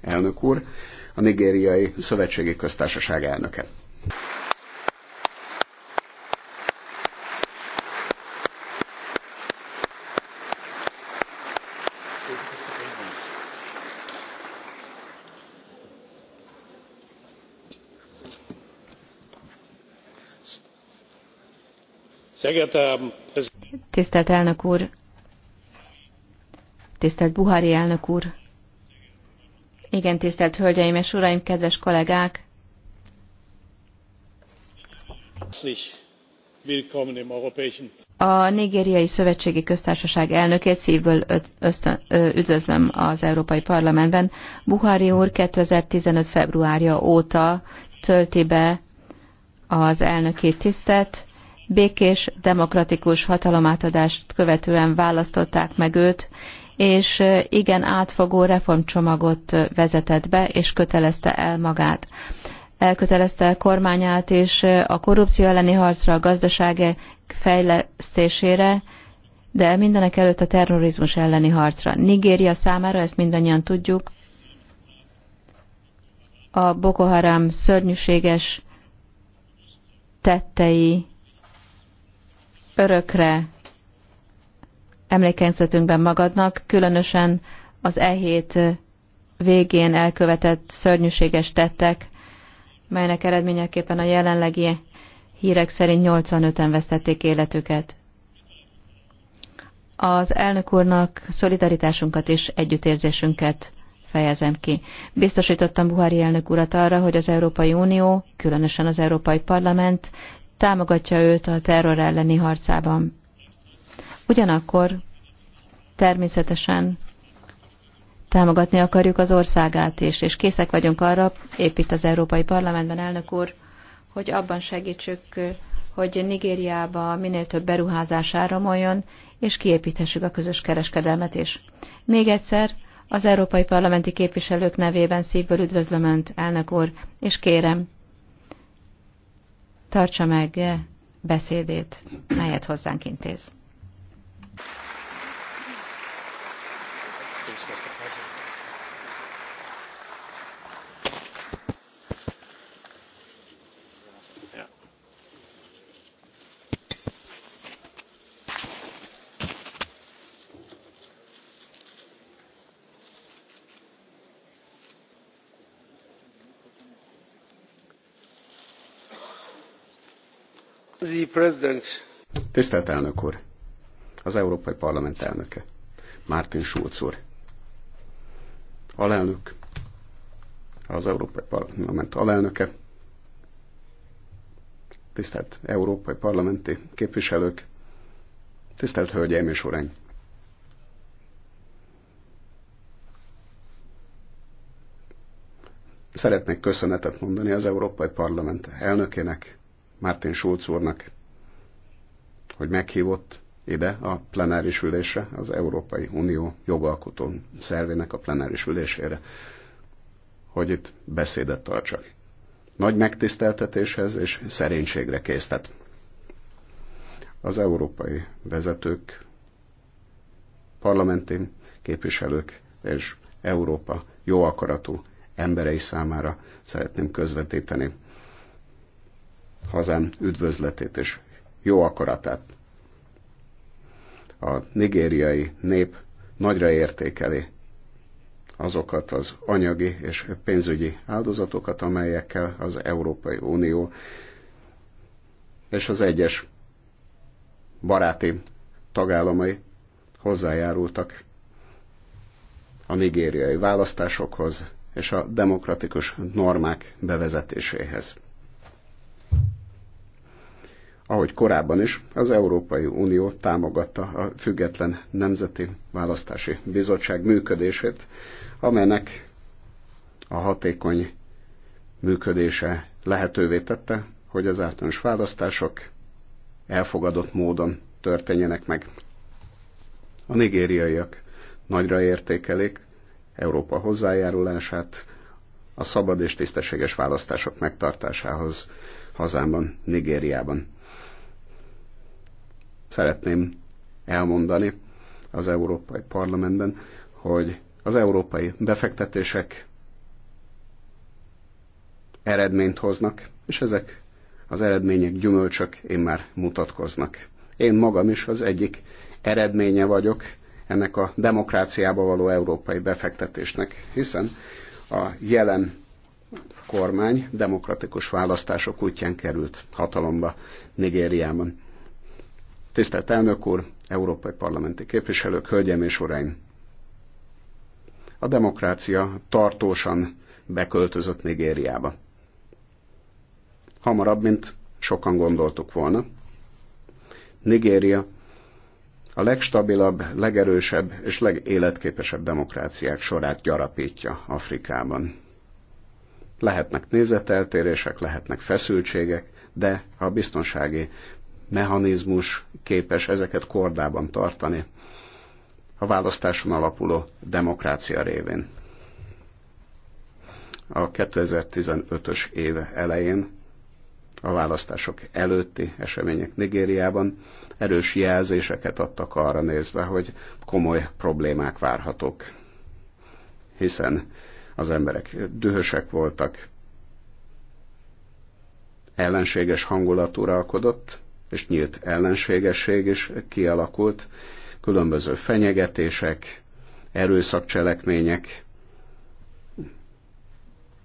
elnök úr, a nigériai szövetségi köztársaság elnöke. Tisztelt elnök úr! Tisztelt Buhari elnök úr! Igen, tisztelt Hölgyeim és Uraim, kedves kollégák! A Nigériai Szövetségi Köztársaság elnökét szívből ösztön, üdvözlöm az Európai Parlamentben. Buhari úr 2015. februárja óta tölti be az elnöki tisztet. Békés, demokratikus hatalomátadást követően választották meg őt, és igen átfogó reformcsomagot vezetett be, és kötelezte el magát. Elkötelezte a kormányát és a korrupció elleni harcra, a gazdaság fejlesztésére, de mindenek előtt a terrorizmus elleni harcra. Nigéria számára, ezt mindannyian tudjuk, a Boko Haram szörnyűséges tettei örökre emlékezetünkben magadnak, különösen az e hét végén elkövetett szörnyűséges tettek, melynek eredményeképpen a jelenlegi hírek szerint 85-en vesztették életüket. Az elnök úrnak szolidaritásunkat és együttérzésünket fejezem ki. Biztosítottam Buhari elnök urat arra, hogy az Európai Unió, különösen az Európai Parlament támogatja őt a terror elleni harcában. Ugyanakkor természetesen támogatni akarjuk az országát is, és készek vagyunk arra, épp itt az Európai Parlamentben, elnök úr, hogy abban segítsük, hogy Nigériába minél több beruházás áramoljon, és kiépíthessük a közös kereskedelmet is. Még egyszer, az európai parlamenti képviselők nevében szívből üdvözlöm Önt, elnök úr, és kérem, tartsa meg beszédét, melyet hozzánk intéz. Tisztelt elnök úr! Az Európai Parlament elnöke, Martin Schulz úr! alelnök, az Európai Parlament alelnöke, tisztelt Európai Parlamenti képviselők, tisztelt Hölgyeim és Uraim! Szeretnék köszönetet mondani az Európai Parlament elnökének, Martin Schulz úrnak, hogy meghívott ide a plenáris ülésre, az Európai Unió jogalkotó szervének a plenáris ülésére, hogy itt beszédet tartsak. Nagy megtiszteltetéshez és szerénységre késztet. Az európai vezetők, parlamenti képviselők és Európa jó akaratú emberei számára szeretném közvetíteni hazám üdvözletét és jó akaratát a nigériai nép nagyra értékeli azokat az anyagi és pénzügyi áldozatokat, amelyekkel az Európai Unió és az egyes baráti tagállamai hozzájárultak a nigériai választásokhoz és a demokratikus normák bevezetéséhez. Ahogy korábban is, az Európai Unió támogatta a Független Nemzeti Választási Bizottság működését, amelynek a hatékony működése lehetővé tette, hogy az általános választások elfogadott módon történjenek meg. A nigériaiak nagyra értékelik Európa hozzájárulását a szabad és tisztességes választások megtartásához hazámban, Nigériában. Szeretném elmondani az Európai Parlamentben, hogy az európai befektetések eredményt hoznak, és ezek az eredmények gyümölcsök én már mutatkoznak. Én magam is az egyik eredménye vagyok ennek a demokráciába való európai befektetésnek, hiszen a jelen kormány demokratikus választások útján került hatalomba Nigériában. Tisztelt elnök úr, európai parlamenti képviselők, hölgyeim és uraim! A demokrácia tartósan beköltözött Nigériába. Hamarabb, mint sokan gondoltuk volna. Nigéria a legstabilabb, legerősebb és legéletképesebb demokráciák sorát gyarapítja Afrikában. Lehetnek nézeteltérések, lehetnek feszültségek, de a biztonsági mechanizmus képes ezeket kordában tartani a választáson alapuló demokrácia révén. A 2015-ös év elején a választások előtti események Nigériában erős jelzéseket adtak arra nézve, hogy komoly problémák várhatók. Hiszen az emberek dühösek voltak, ellenséges hangulat uralkodott, és nyílt ellenségesség is kialakult, különböző fenyegetések, erőszakcselekmények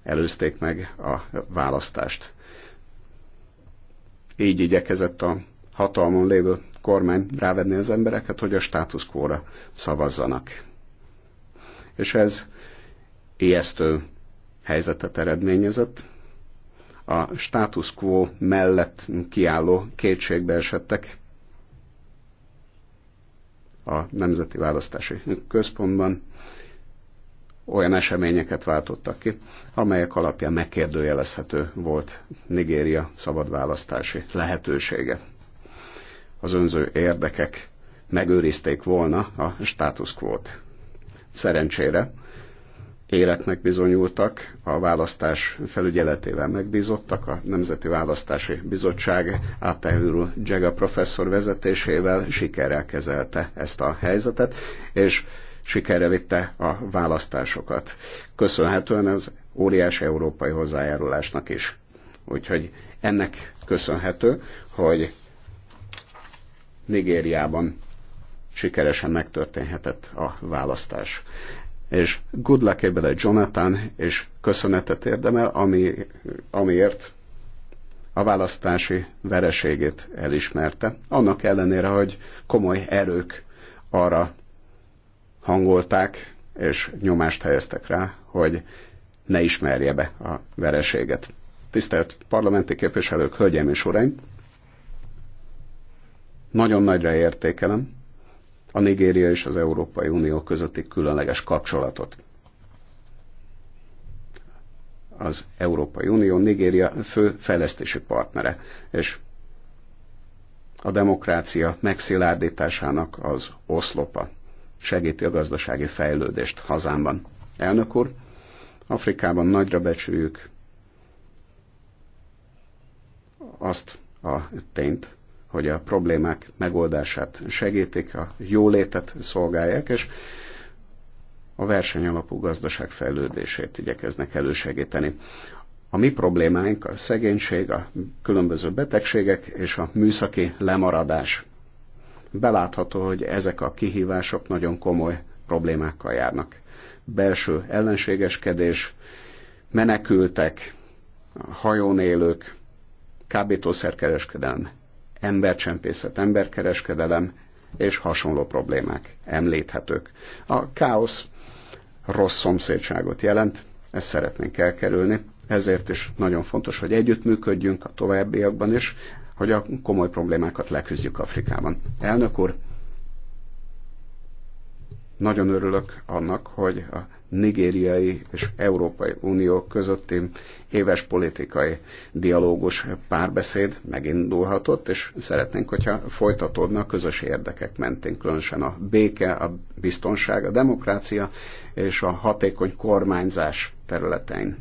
előzték meg a választást. Így igyekezett a hatalmon lévő kormány rávenni az embereket, hogy a status szavazzanak. És ez ijesztő helyzetet eredményezett. A status mellett kiálló kétségbe esettek a Nemzeti Választási Központban olyan eseményeket váltottak ki, amelyek alapján megkérdőjelezhető volt Nigéria szabad választási lehetősége az önző érdekek megőrizték volna a status quo Szerencsére éretnek bizonyultak, a választás felügyeletével megbízottak, a Nemzeti Választási Bizottság Átájúrú Jega professzor vezetésével sikerrel kezelte ezt a helyzetet, és sikerre vitte a választásokat. Köszönhetően az óriási európai hozzájárulásnak is. Úgyhogy ennek köszönhető, hogy Nigériában sikeresen megtörténhetett a választás. És good luck ebben a Jonathan, és köszönetet érdemel, ami, amiért a választási vereségét elismerte, annak ellenére, hogy komoly erők arra hangolták és nyomást helyeztek rá, hogy ne ismerje be a vereséget. Tisztelt parlamenti képviselők, hölgyeim és uraim! Nagyon nagyra értékelem a Nigéria és az Európai Unió közötti különleges kapcsolatot. Az Európai Unió Nigéria fő fejlesztési partnere, és a demokrácia megszilárdításának az oszlopa segíti a gazdasági fejlődést hazámban. Elnök úr, Afrikában nagyra becsüljük azt a tényt, hogy a problémák megoldását segítik, a jólétet szolgálják, és a versenyalapú gazdaság fejlődését igyekeznek elősegíteni. A mi problémáink a szegénység, a különböző betegségek és a műszaki lemaradás. Belátható, hogy ezek a kihívások nagyon komoly problémákkal járnak. Belső ellenségeskedés, menekültek, hajón élők, kábítószerkereskedelme, embercsempészet, emberkereskedelem és hasonló problémák említhetők. A káosz rossz szomszédságot jelent, ezt szeretnénk elkerülni, ezért is nagyon fontos, hogy együttműködjünk a továbbiakban is, hogy a komoly problémákat leküzdjük Afrikában. Elnök úr, nagyon örülök annak, hogy a nigériai és Európai Unió közötti éves politikai dialógus párbeszéd megindulhatott, és szeretnénk, hogyha folytatódna a közös érdekek mentén, különösen a béke, a biztonság, a demokrácia és a hatékony kormányzás területein.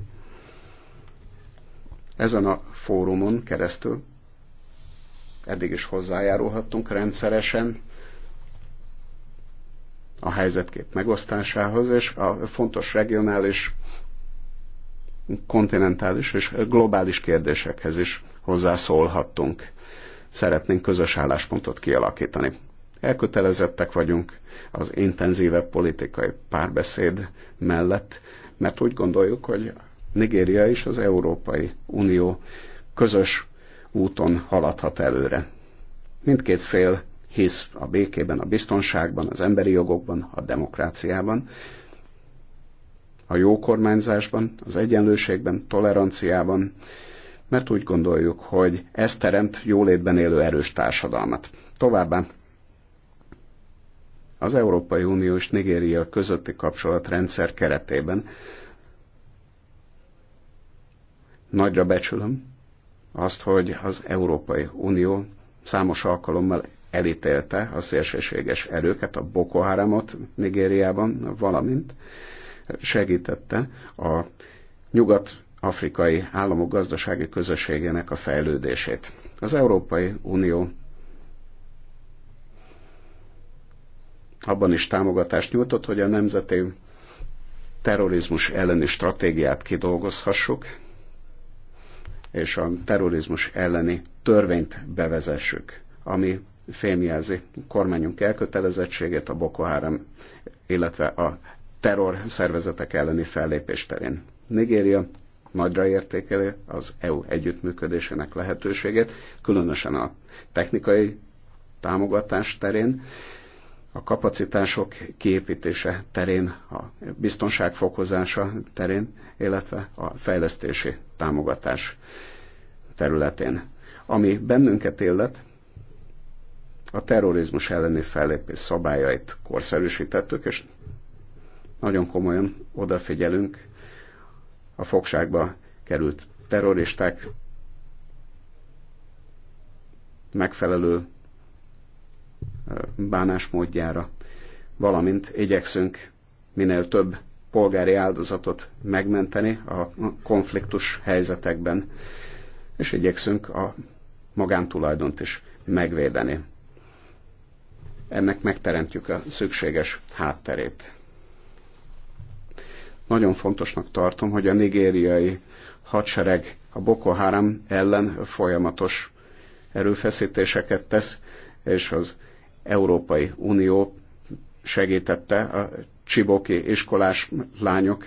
Ezen a fórumon keresztül eddig is hozzájárulhattunk rendszeresen a helyzetkép megosztásához, és a fontos regionális, kontinentális és globális kérdésekhez is hozzászólhattunk. Szeretnénk közös álláspontot kialakítani. Elkötelezettek vagyunk az intenzívebb politikai párbeszéd mellett, mert úgy gondoljuk, hogy Nigéria és az Európai Unió közös úton haladhat előre. Mindkét fél hisz a békében, a biztonságban, az emberi jogokban, a demokráciában, a jó kormányzásban, az egyenlőségben, toleranciában, mert úgy gondoljuk, hogy ez teremt jólétben élő erős társadalmat. Továbbá az Európai Unió és Nigéria közötti kapcsolatrendszer keretében nagyra becsülöm azt, hogy az Európai Unió számos alkalommal elítélte a szélsőséges erőket, a Boko Haramot Nigériában, valamint segítette a nyugat-afrikai államok gazdasági közösségének a fejlődését. Az Európai Unió abban is támogatást nyújtott, hogy a nemzeti terrorizmus elleni stratégiát kidolgozhassuk, és a terrorizmus elleni törvényt bevezessük, ami fémjelzi kormányunk elkötelezettségét a Boko Haram, illetve a terror szervezetek elleni fellépés terén. Nigéria nagyra értékeli az EU együttműködésének lehetőségét, különösen a technikai támogatás terén, a kapacitások kiépítése terén, a biztonság fokozása terén, illetve a fejlesztési támogatás területén. Ami bennünket illet, a terrorizmus elleni fellépés szabályait korszerűsítettük, és nagyon komolyan odafigyelünk a fogságba került terroristák megfelelő bánásmódjára, valamint igyekszünk minél több polgári áldozatot megmenteni a konfliktus helyzetekben, és igyekszünk a magántulajdont is megvédeni ennek megteremtjük a szükséges hátterét. Nagyon fontosnak tartom, hogy a nigériai hadsereg a Boko Haram ellen folyamatos erőfeszítéseket tesz, és az Európai Unió segítette a csiboki iskolás lányok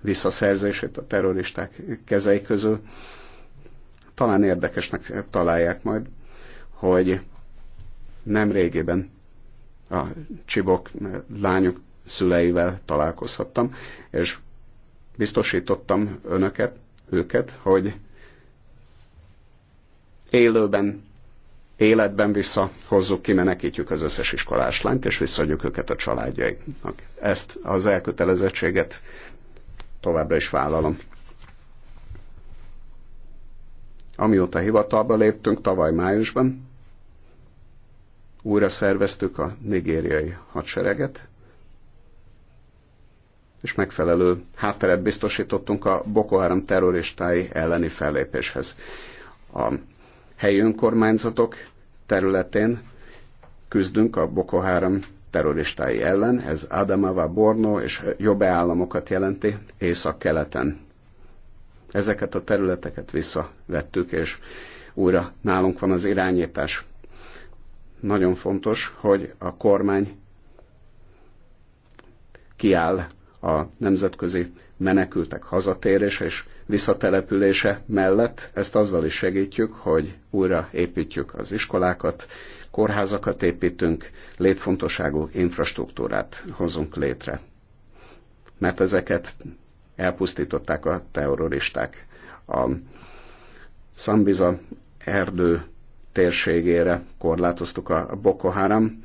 visszaszerzését a terroristák kezei közül. Talán érdekesnek találják majd, hogy nem régében a csibok eh, lányok szüleivel találkozhattam, és biztosítottam önöket, őket, hogy élőben, életben visszahozzuk kimenekítjük az összes iskolás lányt, és visszaadjuk őket a családjaiknak. Ezt az elkötelezettséget továbbra is vállalom. Amióta hivatalba léptünk tavaly májusban, újra szerveztük a nigériai hadsereget, és megfelelő hátteret biztosítottunk a Boko Haram terroristái elleni fellépéshez. A helyi önkormányzatok területén küzdünk a Boko Haram terroristái ellen, ez Adamava, Borno és Jobbe államokat jelenti észak-keleten. Ezeket a területeket visszavettük, és újra nálunk van az irányítás nagyon fontos, hogy a kormány kiáll a nemzetközi menekültek hazatérése és visszatelepülése mellett. Ezt azzal is segítjük, hogy újra építjük az iskolákat, kórházakat építünk, létfontosságú infrastruktúrát hozunk létre. Mert ezeket elpusztították a terroristák. A Szambiza erdő térségére korlátoztuk a Boko Haram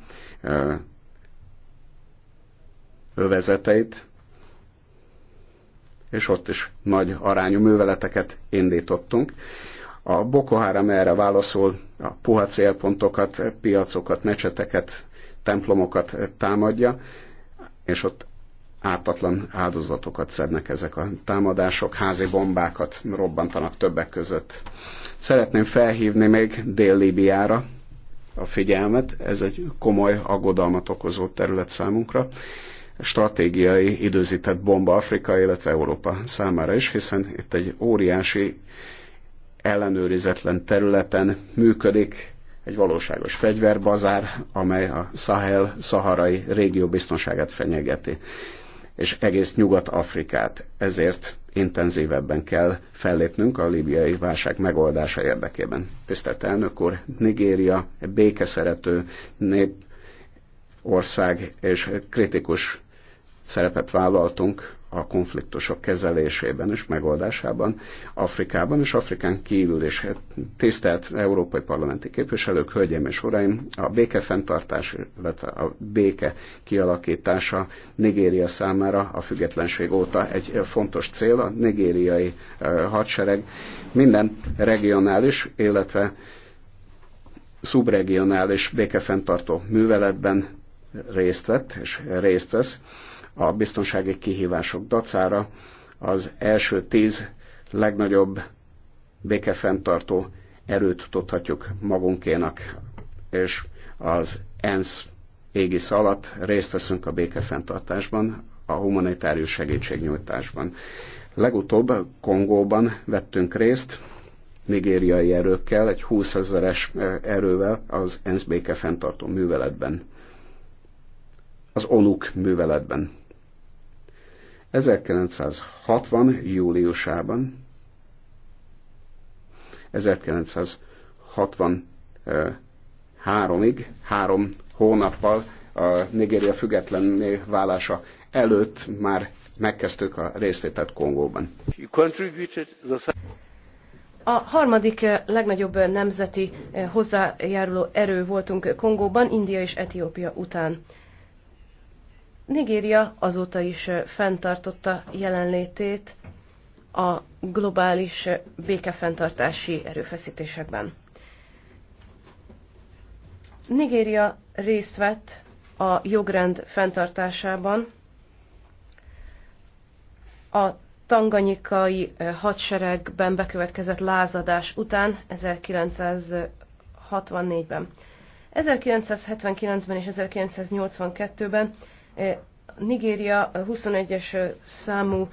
övezeteit, és ott is nagy arányú műveleteket indítottunk. A Boko Haram erre válaszol a puha célpontokat, piacokat, mecseteket, templomokat támadja, és ott ártatlan áldozatokat szednek ezek a támadások, házi bombákat robbantanak többek között. Szeretném felhívni még Dél-Líbiára a figyelmet, ez egy komoly aggodalmat okozó terület számunkra stratégiai időzített bomba Afrika, illetve Európa számára is, hiszen itt egy óriási ellenőrizetlen területen működik egy valóságos fegyverbazár, amely a Sahel-Szaharai régió biztonságát fenyegeti, és egész Nyugat-Afrikát. Ezért intenzívebben kell fellépnünk a líbiai válság megoldása érdekében. Tisztelt elnök úr, Nigéria békeszerető nép, ország és kritikus szerepet vállaltunk a konfliktusok kezelésében és megoldásában Afrikában és Afrikán kívül is. Tisztelt európai parlamenti képviselők, hölgyeim és uraim, a béke fenntartás, illetve a béke kialakítása Nigéria számára a függetlenség óta egy fontos cél. A nigériai hadsereg minden regionális, illetve szubregionális békefenntartó műveletben részt vett és részt vesz, a biztonsági kihívások dacára az első tíz legnagyobb békefenntartó erőt tudhatjuk magunkénak, és az ENSZ égisz alatt részt veszünk a békefenntartásban, a humanitárius segítségnyújtásban. Legutóbb Kongóban vettünk részt, nigériai erőkkel, egy 20 ezeres erővel az ENSZ békefenntartó műveletben. Az ONUK műveletben. 1960. júliusában 1963-ig, három hónappal a Nigéria független válása előtt már megkezdtük a részvételt Kongóban. A harmadik legnagyobb nemzeti hozzájáruló erő voltunk Kongóban, India és Etiópia után. Nigéria azóta is fenntartotta jelenlétét a globális békefenntartási erőfeszítésekben. Nigéria részt vett a jogrend fenntartásában, a tanganyikai hadseregben bekövetkezett lázadás után 1964-ben. 1979-ben és 1982-ben E, Nigéria 21-es számú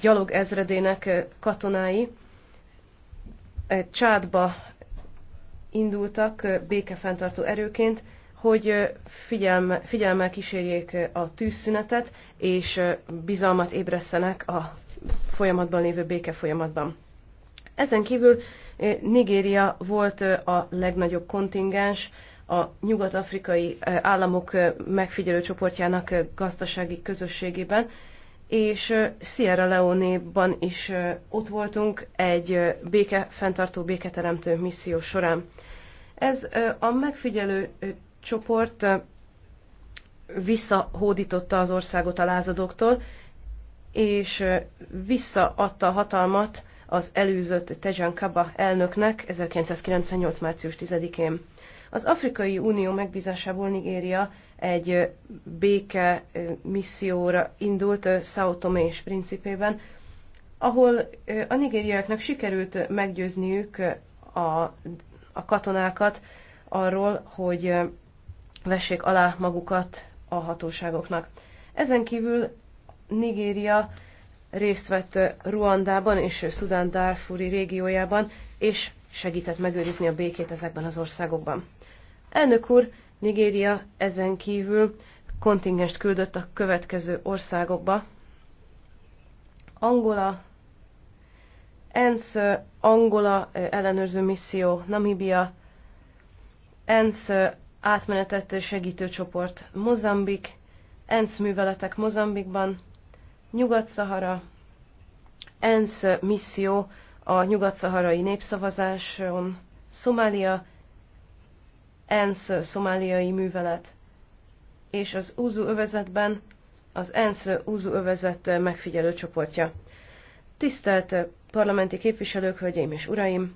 gyalog ezredének katonái e, Csádba indultak békefenntartó erőként, hogy figyelme, figyelmel kísérjék a tűzszünetet, és bizalmat ébresztenek a folyamatban lévő béke folyamatban. Ezen kívül Nigéria volt a legnagyobb kontingens a nyugat-afrikai államok megfigyelő csoportjának gazdasági közösségében, és Sierra Leone-ban is ott voltunk egy béke, fenntartó béketeremtő misszió során. Ez a megfigyelő csoport visszahódította az országot a lázadóktól, és visszaadta a hatalmat az előzött Tejan Kaba elnöknek 1998. március 10-én. Az Afrikai Unió megbízásából Nigéria egy béke misszióra indult Sao Tomé és Principében, ahol a nigériaknak sikerült meggyőzniük a, a katonákat arról, hogy vessék alá magukat a hatóságoknak. Ezen kívül Nigéria részt vett Ruandában és Szudán Darfuri régiójában, és segített megőrizni a békét ezekben az országokban. Elnök úr, Nigéria ezen kívül kontingest küldött a következő országokba. Angola, ENSZ Angola eh, ellenőrző misszió, Namibia, ENSZ eh, átmenetett segítőcsoport Mozambik, ENSZ műveletek Mozambikban, Nyugat-Szahara, ENSZ eh, misszió a nyugat-szaharai népszavazáson, Szomália, ENSZ szomáliai művelet, és az Uzu övezetben az ENSZ Uzu övezet megfigyelő csoportja. Tisztelt parlamenti képviselők, hölgyeim és uraim!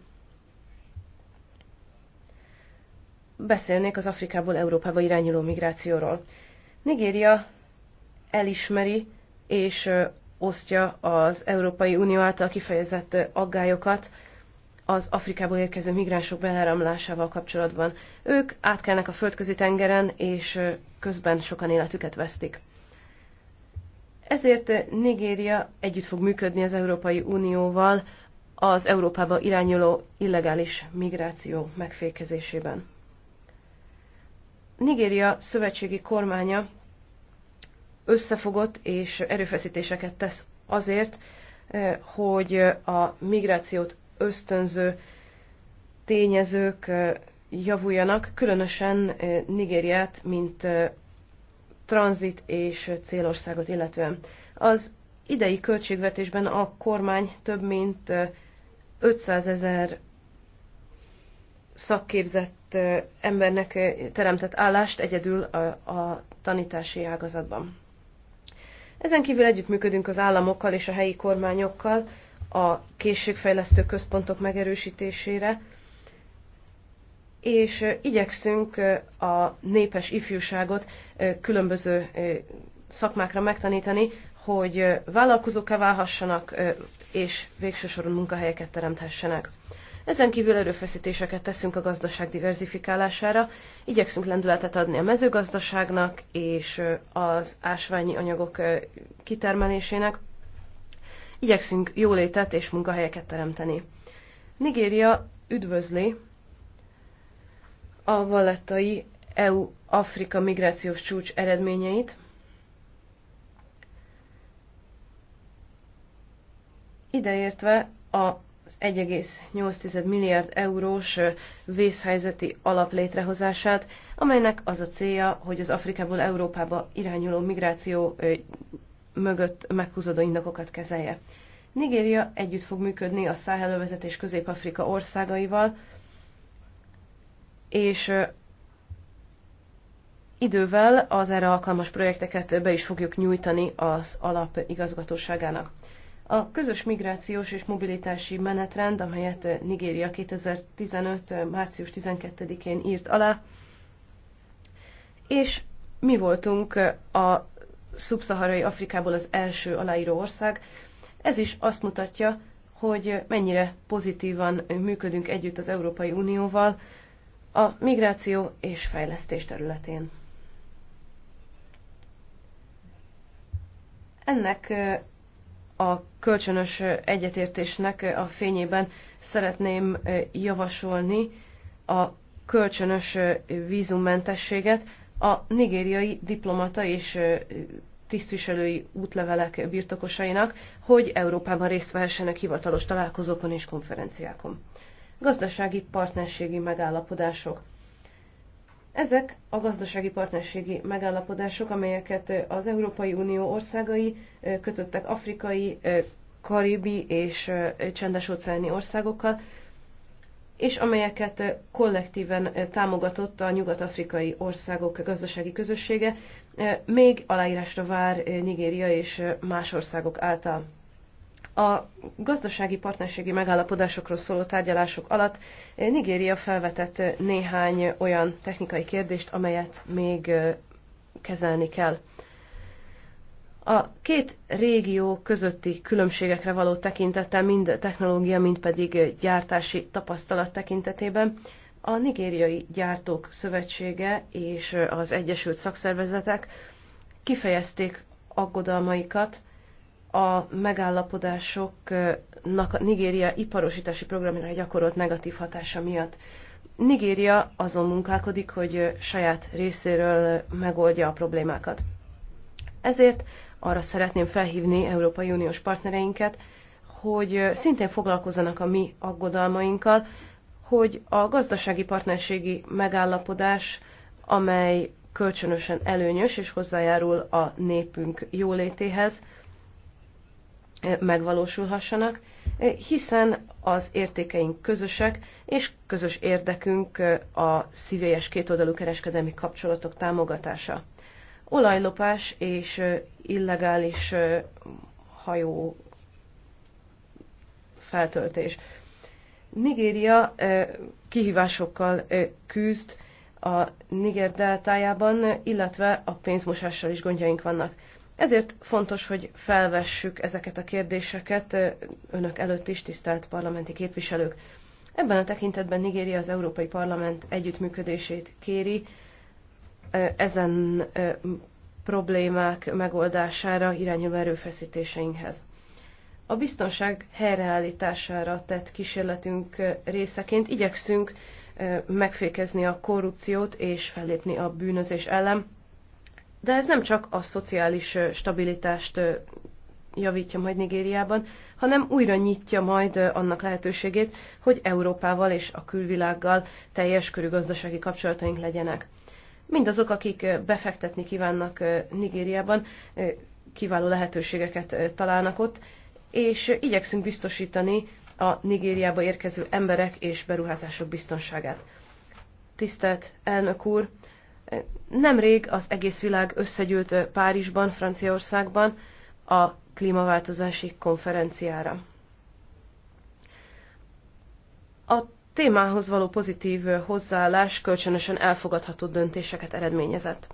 Beszélnék az Afrikából Európába irányuló migrációról. Nigéria elismeri és osztja az Európai Unió által kifejezett aggályokat az Afrikából érkező migránsok beáramlásával kapcsolatban. Ők átkelnek a földközi tengeren, és közben sokan életüket vesztik. Ezért Nigéria együtt fog működni az Európai Unióval az Európába irányuló illegális migráció megfékezésében. Nigéria szövetségi kormánya összefogott és erőfeszítéseket tesz azért, eh, hogy a migrációt ösztönző tényezők eh, javuljanak, különösen eh, Nigériát, mint tranzit és célországot illetően. Az idei költségvetésben a kormány több mint 500 ezer szakképzett embernek teremtett állást egyedül a, a tanítási ágazatban. Ezen kívül együttműködünk az államokkal és a helyi kormányokkal a készségfejlesztő központok megerősítésére, és igyekszünk a népes ifjúságot különböző szakmákra megtanítani, hogy vállalkozóká válhassanak, és végső soron munkahelyeket teremthessenek. Ezen kívül erőfeszítéseket teszünk a gazdaság diverzifikálására, igyekszünk lendületet adni a mezőgazdaságnak és az ásványi anyagok kitermelésének, igyekszünk jólétet és munkahelyeket teremteni. Nigéria üdvözli a valettai EU-Afrika migrációs csúcs eredményeit, ideértve a az 1,8 milliárd eurós vészhelyzeti alap létrehozását, amelynek az a célja, hogy az Afrikából Európába irányuló migráció mögött meghúzódó indokokat kezelje. Nigéria együtt fog működni a Száhelövezet és Közép-Afrika országaival, és idővel az erre alkalmas projekteket be is fogjuk nyújtani az alap igazgatóságának. A közös migrációs és mobilitási menetrend, amelyet Nigéria 2015. március 12-én írt alá, és mi voltunk a szubszaharai Afrikából az első aláíró ország. Ez is azt mutatja, hogy mennyire pozitívan működünk együtt az Európai Unióval a migráció és fejlesztés területén. Ennek a kölcsönös egyetértésnek a fényében szeretném javasolni a kölcsönös vízummentességet a nigériai diplomata és tisztviselői útlevelek birtokosainak, hogy Európában részt vehessenek hivatalos találkozókon és konferenciákon. Gazdasági partnerségi megállapodások. Ezek a gazdasági partnerségi megállapodások, amelyeket az Európai Unió országai kötöttek afrikai, karibi és csendes-óceáni országokkal, és amelyeket kollektíven támogatott a nyugat-afrikai országok gazdasági közössége, még aláírásra vár Nigéria és más országok által. A gazdasági partnerségi megállapodásokról szóló tárgyalások alatt eh, Nigéria felvetett eh, néhány olyan technikai kérdést, amelyet még eh, kezelni kell. A két régió közötti különbségekre való tekintettel, mind technológia, mind pedig gyártási tapasztalat tekintetében a Nigériai Gyártók Szövetsége és az Egyesült Szakszervezetek kifejezték aggodalmaikat a megállapodásoknak a Nigéria iparosítási programjára gyakorolt negatív hatása miatt. Nigéria azon munkálkodik, hogy saját részéről megoldja a problémákat. Ezért arra szeretném felhívni Európai Uniós partnereinket, hogy szintén foglalkozzanak a mi aggodalmainkkal, hogy a gazdasági partnerségi megállapodás, amely kölcsönösen előnyös és hozzájárul a népünk jólétéhez, megvalósulhassanak, hiszen az értékeink közösek, és közös érdekünk a szívélyes kétoldalú kereskedelmi kapcsolatok támogatása. Olajlopás és illegális hajó feltöltés. Nigéria kihívásokkal küzd a Niger deltájában, illetve a pénzmosással is gondjaink vannak. Ezért fontos, hogy felvessük ezeket a kérdéseket önök előtt is, tisztelt parlamenti képviselők. Ebben a tekintetben Nigéria az Európai Parlament együttműködését kéri ezen problémák megoldására irányuló erőfeszítéseinkhez. A biztonság helyreállítására tett kísérletünk részeként igyekszünk megfékezni a korrupciót és fellépni a bűnözés ellen, de ez nem csak a szociális stabilitást javítja majd Nigériában, hanem újra nyitja majd annak lehetőségét, hogy Európával és a külvilággal teljes körű gazdasági kapcsolataink legyenek. Mindazok, akik befektetni kívánnak Nigériában, kiváló lehetőségeket találnak ott, és igyekszünk biztosítani a Nigériába érkező emberek és beruházások biztonságát. Tisztelt elnök úr, Nemrég az egész világ összegyűlt Párizsban, Franciaországban a klímaváltozási konferenciára. A témához való pozitív hozzáállás kölcsönösen elfogadható döntéseket eredményezett.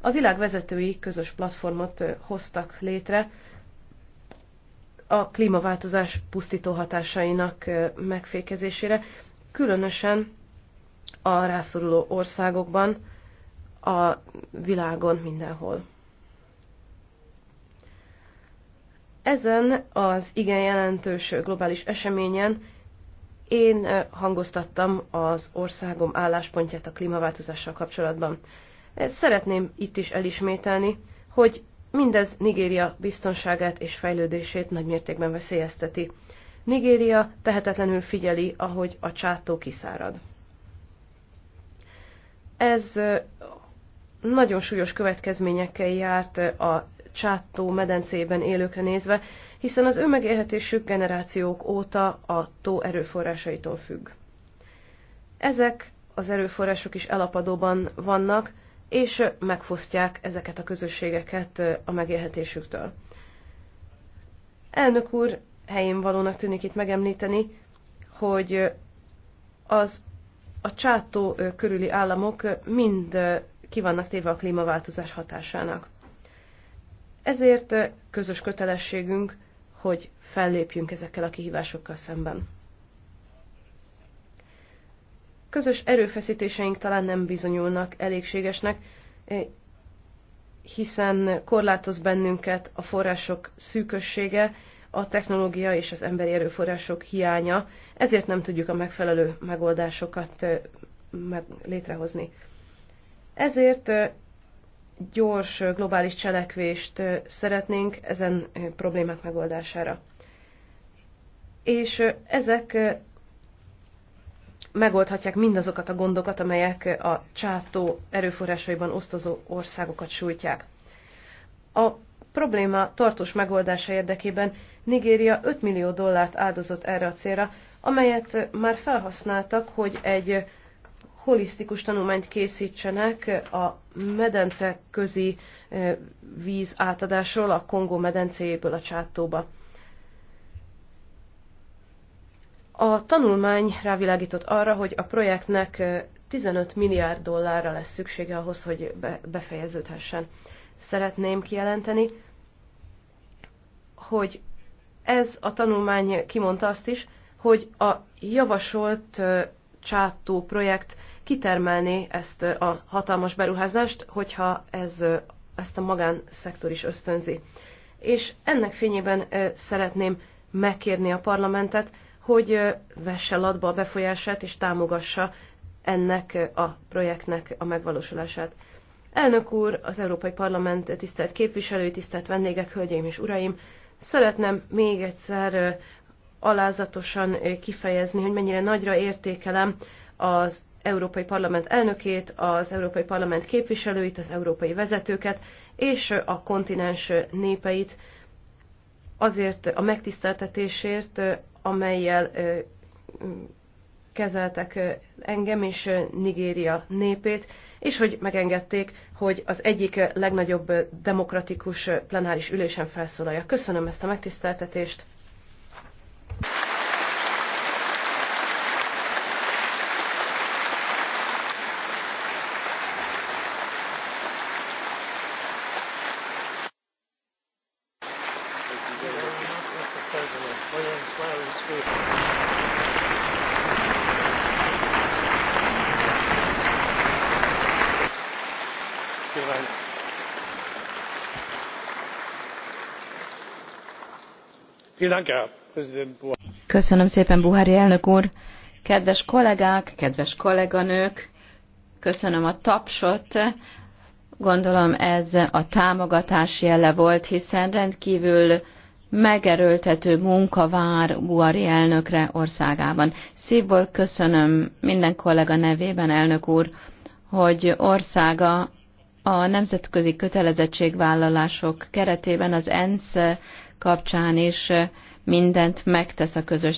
A világ vezetői közös platformot hoztak létre a klímaváltozás pusztító hatásainak megfékezésére, különösen a rászoruló országokban, a világon mindenhol. Ezen az igen jelentős globális eseményen én eh, hangoztattam az országom álláspontját a klímaváltozással kapcsolatban. Eh, szeretném itt is elismételni, hogy mindez Nigéria biztonságát és fejlődését nagymértékben veszélyezteti. Nigéria tehetetlenül figyeli, ahogy a csátó kiszárad. Ez eh, nagyon súlyos következményekkel járt a csáttó medencében élőkre nézve, hiszen az ő megélhetésük generációk óta a tó erőforrásaitól függ. Ezek az erőforrások is elapadóban vannak, és megfosztják ezeket a közösségeket a megélhetésüktől. Elnök úr, helyén valónak tűnik itt megemlíteni, hogy az a csátó körüli államok mind ki vannak téve a klímaváltozás hatásának. Ezért közös kötelességünk, hogy fellépjünk ezekkel a kihívásokkal szemben. Közös erőfeszítéseink talán nem bizonyulnak elégségesnek, hiszen korlátoz bennünket a források szűkössége, a technológia és az emberi erőforrások hiánya, ezért nem tudjuk a megfelelő megoldásokat létrehozni. Ezért gyors globális cselekvést szeretnénk ezen problémák megoldására. És ezek megoldhatják mindazokat a gondokat, amelyek a csátó erőforrásaiban osztozó országokat sújtják. A probléma tartós megoldása érdekében Nigéria 5 millió dollárt áldozott erre a célra, amelyet már felhasználtak, hogy egy holisztikus tanulmányt készítsenek a medence közi eh, víz átadásról a Kongó medencéjéből a csátóba. A tanulmány rávilágított arra, hogy a projektnek 15 eh, milliárd dollárra lesz szüksége ahhoz, hogy befejeződhessen. Szeretném kijelenteni, hogy ez a tanulmány kimondta azt is, hogy a javasolt eh, csátó projekt kitermelni ezt a hatalmas beruházást, hogyha ez, ezt a magánszektor is ösztönzi. És ennek fényében szeretném megkérni a parlamentet, hogy vesse latba a befolyását és támogassa ennek a projektnek a megvalósulását. Elnök úr, az Európai Parlament tisztelt képviselői, tisztelt vendégek, hölgyeim és uraim, szeretném még egyszer alázatosan kifejezni, hogy mennyire nagyra értékelem az Európai Parlament elnökét, az Európai Parlament képviselőit, az európai vezetőket és a kontinens népeit azért a megtiszteltetésért, amelyel kezeltek engem és Nigéria népét, és hogy megengedték, hogy az egyik legnagyobb demokratikus plenáris ülésen felszólalja. Köszönöm ezt a megtiszteltetést! Köszönöm szépen, Buhari elnök úr. Kedves kollégák, kedves kolléganők, köszönöm a tapsot. Gondolom ez a támogatás jele volt, hiszen rendkívül megerőltető munka vár Buhari elnökre országában. Szívból köszönöm minden kollega nevében, elnök úr, hogy országa a nemzetközi kötelezettségvállalások keretében az ENSZ kapcsán is mindent megtesz a közös